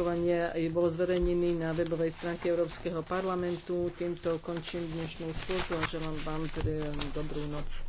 rokovania bol zverejnený na webovej stránke Európskeho parlamentu. Týmto končím dnešnú schôdzu a želám vám teda dobrú noc.